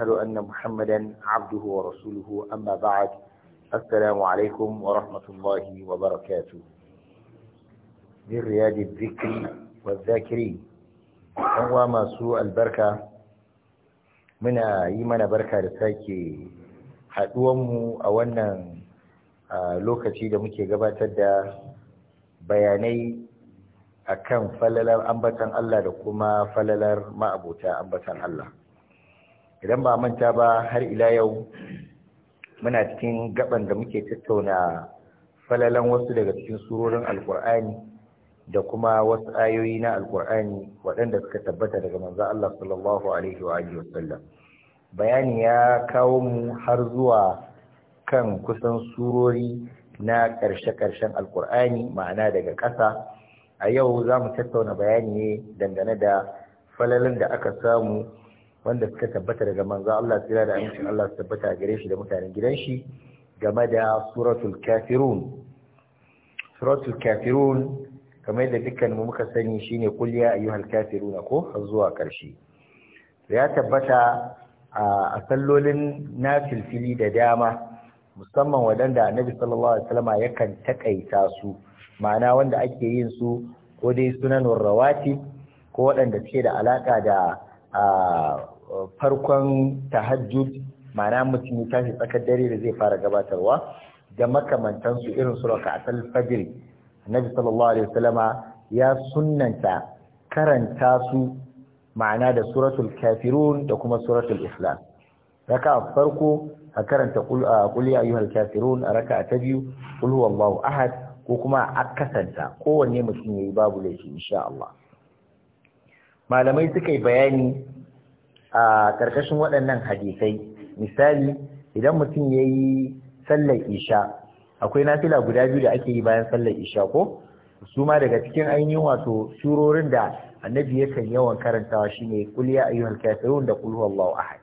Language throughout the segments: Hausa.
وأشهد أن محمدا عبده ورسوله أما بعد السلام عليكم ورحمة الله وبركاته بالرياض الذكر والذاكرين هو ما سوء البركة من يمن بركة لساكي haɗuwanmu a wannan lokaci da muke gabatar da bayanai akan falalar ambatan Allah da kuma falalar ma'abuta ambatan Allah idan ba manta ba har ila yau muna cikin gaban da muke tattauna falalan wasu daga cikin surorin alkur'ani da kuma wasu ayoyi na alkur'ani waɗanda suka tabbata daga manzan Allah sallallahu alaihi wa wasallam bayani ya kawo mu har zuwa kan kusan surori na ƙarshe-ƙarshen alkur'ani ma'ana daga ƙasa a yau za mu tattauna bayani ne dangane da falalin da aka samu wanda suka tabbata daga manzo Allah tsira da amincin Allah su tabbata gare shi da mutanen gidan shi game da suratul kafirun suratul kafirun kamar da dukkan mu muka sani shine qul ya ayyuhal kafirun ko har zuwa karshe ya tabbata a sallolin filfili da dama musamman wadanda annabi sallallahu alaihi wasallama yakan takaita su ma'ana wanda ake yin su ko dai sunanul rawatib ko waɗanda suke da alaka da a farkon tahajjud ma'ana mutum ya tashi tsakar dare da zai fara gabatarwa da makamantansu irin su raka'atul fajr annabi sallallahu alaihi wasallama ya sunnanta karanta su ma'ana da suratul kafirun da kuma suratul islam raka'a farko a karanta qul ya ayyuhal kafirun a raka ta biyu qul huwallahu ahad ko kuma akasanta kowanne mutum yayi babu laifi insha Allah malamai suka yi bayani a ƙarƙashin waɗannan hadisai misali idan mutum ya yi sallar isha akwai nafila guda biyu da ake yi bayan sallar isha ko su ma daga cikin ainihin wato surorin da annabi yakan yawan karantawa shine kul ya ayyuhal kafirun da kul huwallahu ahad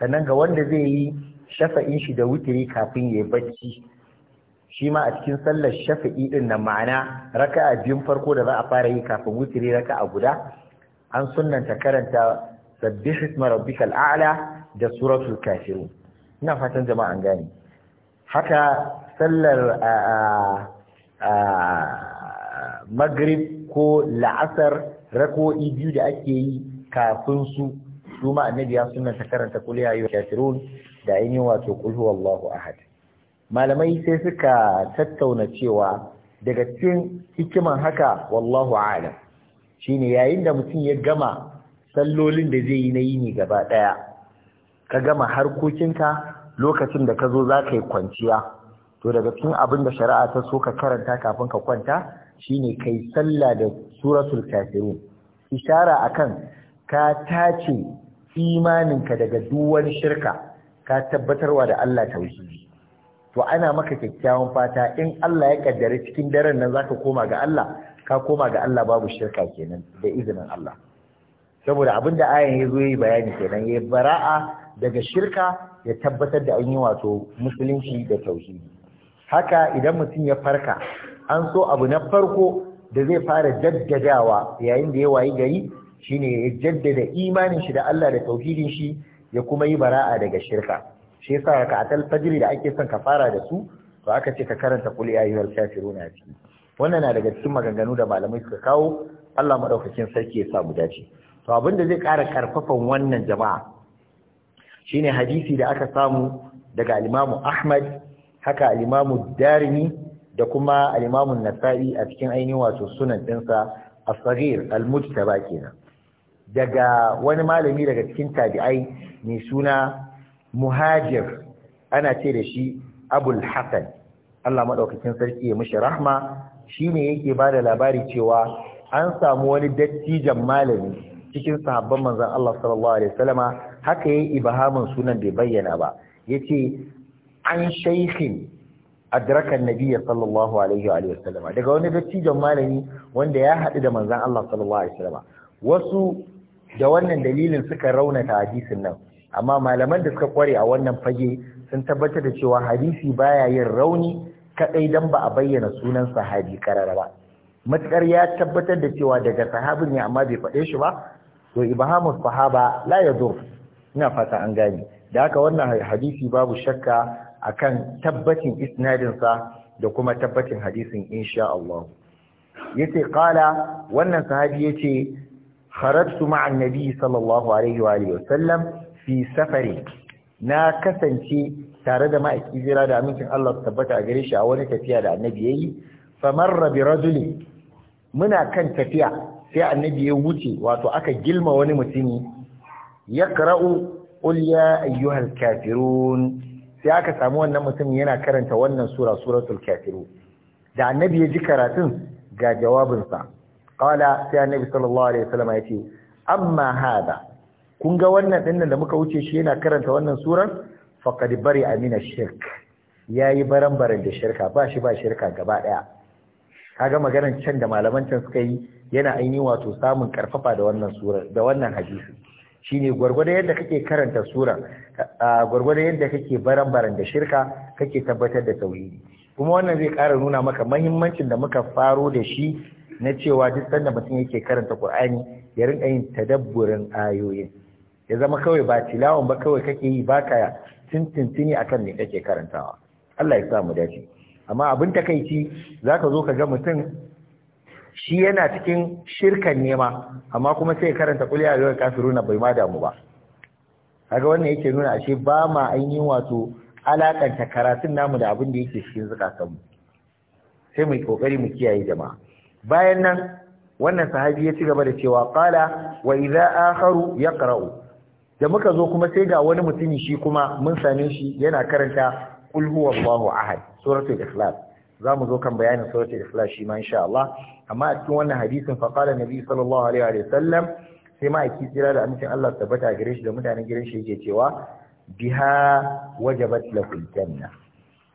sannan ga wanda zai yi shafa'in shi da wutiri kafin ya bacci shi ma a cikin sallar shafa'i din nan ma'ana raka'a biyun farko da za a fara yi kafin wutiri raka'a guda an sunanta karanta sabbih isma rabbikal a'la da suratul kafirun ina fatan jama'a an gane haka sallar maghrib ko la'asar rako'i biyu da ake yi kafin su su ma annabi ya karanta kul ya ayyuhal kafirun da ainihin wato kul huwallahu ahad malamai sai suka tattauna cewa daga cikin hikiman haka wallahu a'lam shine yayin da mutum ya gama sallolin da zai yi na yini gaba ɗaya ka gama harkokinka lokacin da ka zo za ka yi kwanciya to daga cikin abin da shari'a ta so ka karanta kafin ka kwanta shine kai sallah da suratul kafirun ishara akan ka tace imaninka daga duwani shirka ka tabbatarwa da Allah tauhidi to ana maka kyakkyawan fata in Allah ya kaddare cikin daren nan za ka koma ga Allah ka koma ga Allah babu shirka kenan da izinin Allah saboda abin da ayan ya zo yi bayani kenan ya bara'a daga shirka ya tabbatar da an yi wato musulunci da tauhidi haka idan mutum ya farka an so abu na farko da zai fara jaddadawa yayin da ya wayi gari shine ya jaddada imanin shi da Allah da tauhidin shi ya kuma yi bara'a daga shirka shi yasa atal fajri da ake son ka fara da su to aka ce ka karanta qul ya ayyuhal kafiruna ciki wannan na daga cikin maganganu da malamai suka kawo Allah madaukakin sarki ya sa mu dace to abin da zai ƙara karfafan wannan jama'a shine hadisi da aka samu daga al imamu Ahmad haka al imamu Darimi da kuma al imamu Nasa'i a cikin ainihin wato sunan dinsa as-Saghir al-Mujtaba kenan daga wani malami daga cikin tabi'ai mai suna Muhajir ana ce da shi Abul Hasan Allah madaukakin sarki ya mishi rahma shi ne yake ba da labari cewa an samu wani dattijan malami cikin sahabban manzon Allah sallallahu alaihi wasallama haka yayi ibahamin sunan bai bayyana ba Ya ce an shaykhin adraka annabiyya sallallahu alaihi wasallama daga wani dattijan malami wanda ya hadu da manzon Allah sallallahu alaihi wasallama wasu da wannan dalilin suka raunata hadisin nan amma malaman da suka kware a wannan fage sun tabbatar da cewa hadisi baya yin rauni kadai dan ba a bayyana sunan sahabi karara ba matukar ya tabbatar da cewa daga sahabin ne amma bai faɗe shi ba to ibhamu sahaba la yadur ina fata an gane da haka wannan hadisi babu shakka akan tabbacin isnadin sa da kuma tabbacin hadisin insha Allah yace qala wannan sahabi yace kharajtu ma'an an-nabi sallallahu alaihi wa alihi fi safari na kasance tare da ma'aiki zira da amincin Allah su tabbata a gare shi a wani tafiya da annabi yayi famarra bi rajuli muna kan tafiya sai annabi ya wuce wato aka gilma wani mutumi yaqra'u qul ya ayyuhal kafirun sai aka samu wannan mutumin yana karanta wannan sura suratul kafirun da annabi ya ji karatun ga jawabinsa qala sai annabi sallallahu alaihi wasallam ya ce amma hada kun ga wannan dinnan da muka wuce shi yana karanta wannan suran? faqad bari amina shirk yayi baran-baran da shirka ba shi ba shirka gaba daya kaga maganar can da malaman can suka yi yana aini wato samun karfafa da wannan surar da wannan hadisi shine gurgurda yadda kake karanta sura gurgurda yadda kake baran da shirka kake tabbatar da tauhidi kuma wannan zai ƙara nuna maka mahimmancin da muka faro da shi na cewa duk sanda mutum yake karanta Qur'ani ya rinka yin tadabburin ayoyin ya zama kawai ba tilawan ba kawai kake yi ba ka a akan ne kake karantawa Allah ya sa mu dace amma abin za ka zo ka ga mutum shi yana cikin shirkan nema amma kuma sai karanta kulli ya kasu kafiruna bai ma damu ba kaga wannan yake nuna ashe ba ma ainihin wato alakanta karatun namu da abin da yake cikin samu. sai mu kokari mu kiyaye jama'a bayan nan wannan sahabi ya ci gaba da cewa qala wa idza akharu yaqra'u da muka zo kuma sai ga wani mutumi shi kuma mun same shi yana karanta kul huwallahu ahad suratul ikhlas zamu zo kan bayanin suratul ikhlas shi ma insha Allah amma a cikin wannan hadisin fa qala nabi sallallahu alaihi wa sallam sai ma aiki tsira da amincin Allah tabbata gare shi da mutanen gidan shi yake cewa biha wajabat lakul janna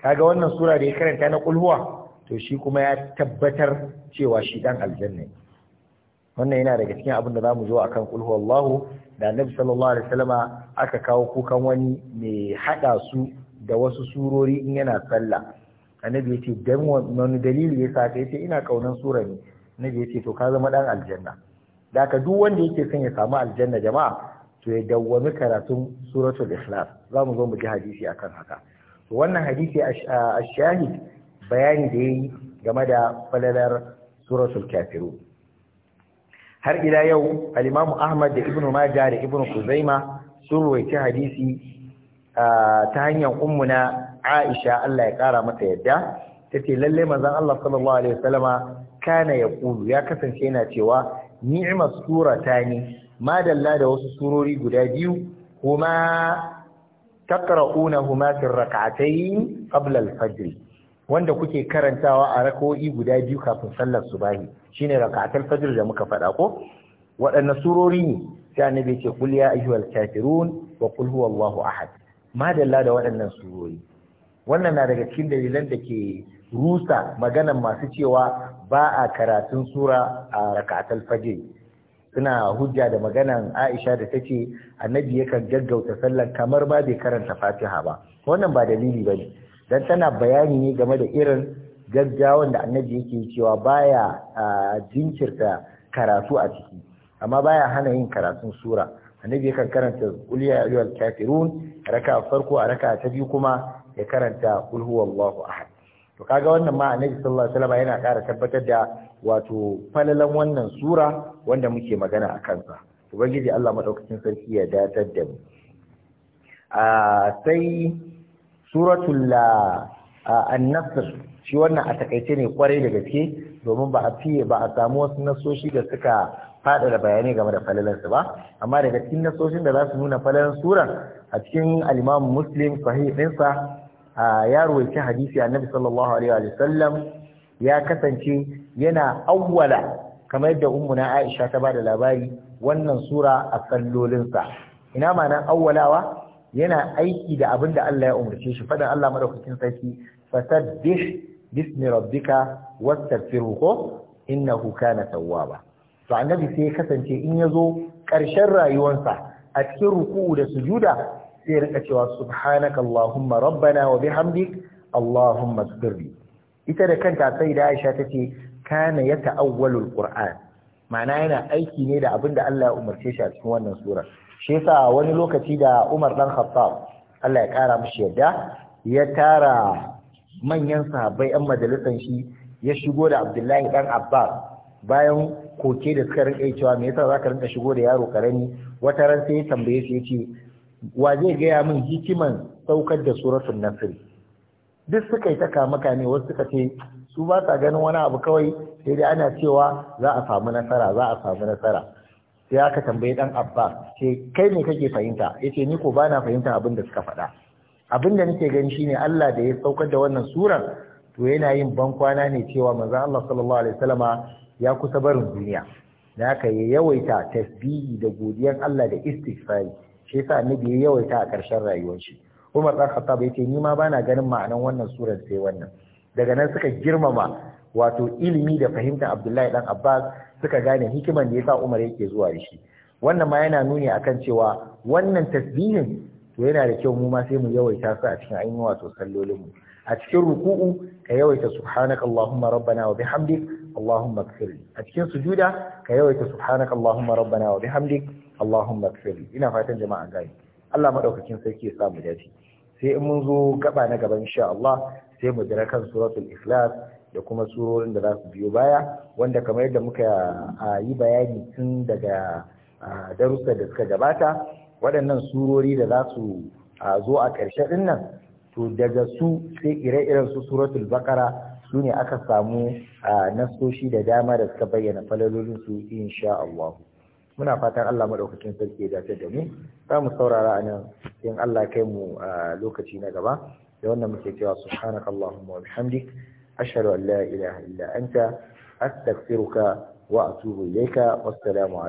kaga wannan sura da ya karanta na kul huwa to shi kuma ya tabbatar cewa shi dan aljanna wannan yana daga cikin abin da zamu zo akan kul huwallahu da annabi sallallahu alaihi wasallama aka kawo kukan wani mai hada su da wasu surori in yana sallah annabi yace dan wani dalili yasa ka yace ina kaunan sura ne annabi yace to ka zama dan aljanna da ka duk wanda yake son ya samu aljanna jama'a to ya dawwami karatun suratul ikhlas za mu zo mu ji hadisi akan haka to wannan hadisi a shahid bayani da yayi game da falalar suratul kafirun har ila yau al Ahmad da Ibn Majah da Ibn Kuzaima sun ruwaci hadisi ta hanyar ummuna Aisha Allah ya kara mata yadda tace lalle manzon Allah sallallahu alaihi wasallama kana yaqulu ya kasance yana cewa ni'mas suratani madalla da wasu surori guda biyu kuma taqra'unahuma fi rak'atayn qabla al wanda kuke karantawa a rak'o'i guda biyu kafin sallar subahi shine rakatul fajr da muka fada, ko waɗanne surori ne sai annabi ce kul ya ayyuhal kafirun wa kul huwallahu ahad madalla da waɗannan surori wannan na daga cikin dalilan da ke rusa maganan masu cewa ba a karatun sura a rakatul fajr suna hujja da maganan Aisha da ta ce annabi yakan gaggauta sallar kamar ba bai karanta Fatiha ba wannan ba dalili ba ne. dan tana bayani ne game da irin gaggawan da annabi yake cewa baya jinkirta karatu a ciki amma baya hana yin karatun sura annabi yakan karanta qul ya ayyuhal kafirun raka farko a raka ta biyu kuma ya karanta qul huwallahu ahad to kaga wannan ma annabi sallallahu alaihi wasallam yana ƙara tabbatar da wato falalan wannan sura wanda muke magana a kansa ubangiji Allah madaukakin sarki ya datar da mu a sai suratul la nasr shi wannan a takaice ne kwarai da gaske domin ba a fiye ba a samu wasu nasoshi da suka fada da bayanai game da falalarsu ba amma daga cikin nasoshin da za su nuna falalar sura, a cikin al Muslim sahih ɗinsa ya ruwaici hadisi annabi sallallahu alaihi wa sallam ya kasance yana awwala kamar yadda ummuna Aisha ta ba da labari wannan sura a sallolinsa ina ma nan awwalawa yana aiki da abin da Allah ya umarce shi fadan Allah madaukakin sarki fasabbih bismi rabbika wastaghfiru ko innahu kana tawwaba to annabi sai ya kasance in yazo karshen rayuwarsa a cikin ruku'u da sujuda sai rika cewa subhanaka allahumma rabbana wa bihamdik allahumma aghfirli ita da kanta sai da Aisha tace kana auwalul qur'an ma'ana yana aiki ne da abin da Allah ya umarce shi a cikin wannan surar shi yasa wani lokaci da Umar dan Khattab Allah ya kara mishi yadda ya tara manyan sahabbai yan majalisar shi ya shigo da Abdullahi dan Abbas bayan koke da suka rinka cewa me yasa zaka rinka shigo da yaro karami wata ran sai ya tambaye shi yace wa zai gaya min hikiman saukar da suratul nasr duk suka yi ta kamaka ne wasu suka ce su ba sa ganin wani abu kawai sai dai ana cewa za a samu nasara za a samu nasara sai aka tambayi dan abba ce kai ne kake fahimta yace ni ko bana fahimta abin da suka faɗa abin da nake gani shine Allah da ya saukar da wannan surar to yana yin ban kwana ne cewa manzon Allah sallallahu alaihi wasallama ya kusa barin duniya da aka yi yawaita tasbihi da godiyar Allah da istighfari shi yasa annabi ya yawaita a ƙarshen rayuwar shi Umar bin Khattab yace ni ma bana ganin ma'anan wannan surar sai wannan daga nan suka girmama wato ilimi da fahimtar Abdullahi dan Abbas suka gane hikiman da yasa Umar yake zuwa da shi wannan ma yana nuni akan cewa wannan tasbihin to yana da kyau mu ma sai mu yawaita su a cikin ayyuka wato sallolin mu a cikin ruku'u ka yawaita subhanaka allahumma rabbana wa bihamdik allahumma ighfir a cikin sujuda ka yawaita subhanaka allahumma rabbana wa bihamdik allahumma ighfir ina fatan jama'a gani Allah madaukakin sarki ya samu dace sai in mun zo gaba na gaba insha Allah sai mu jira kan suratul ikhlas da kuma surorin da za su biyo baya wanda kamar yadda muka yi bayani tun daga darussa da suka gabata waɗannan surori da za su zo a ƙarshe ɗin nan to daga su sai ire-iren su suratul bakara su ne aka samu nasoshi da dama da suka bayyana falalolin su insha Allah muna fatan Allah madaukakin sarki ya dace da mu za mu saurara a nan in Allah kai mu lokaci na gaba da wannan muke cewa subhanakallahumma wa bihamdik أشهد أن لا إله إلا أنت أستغفرك وأتوب إليك والسلام عليكم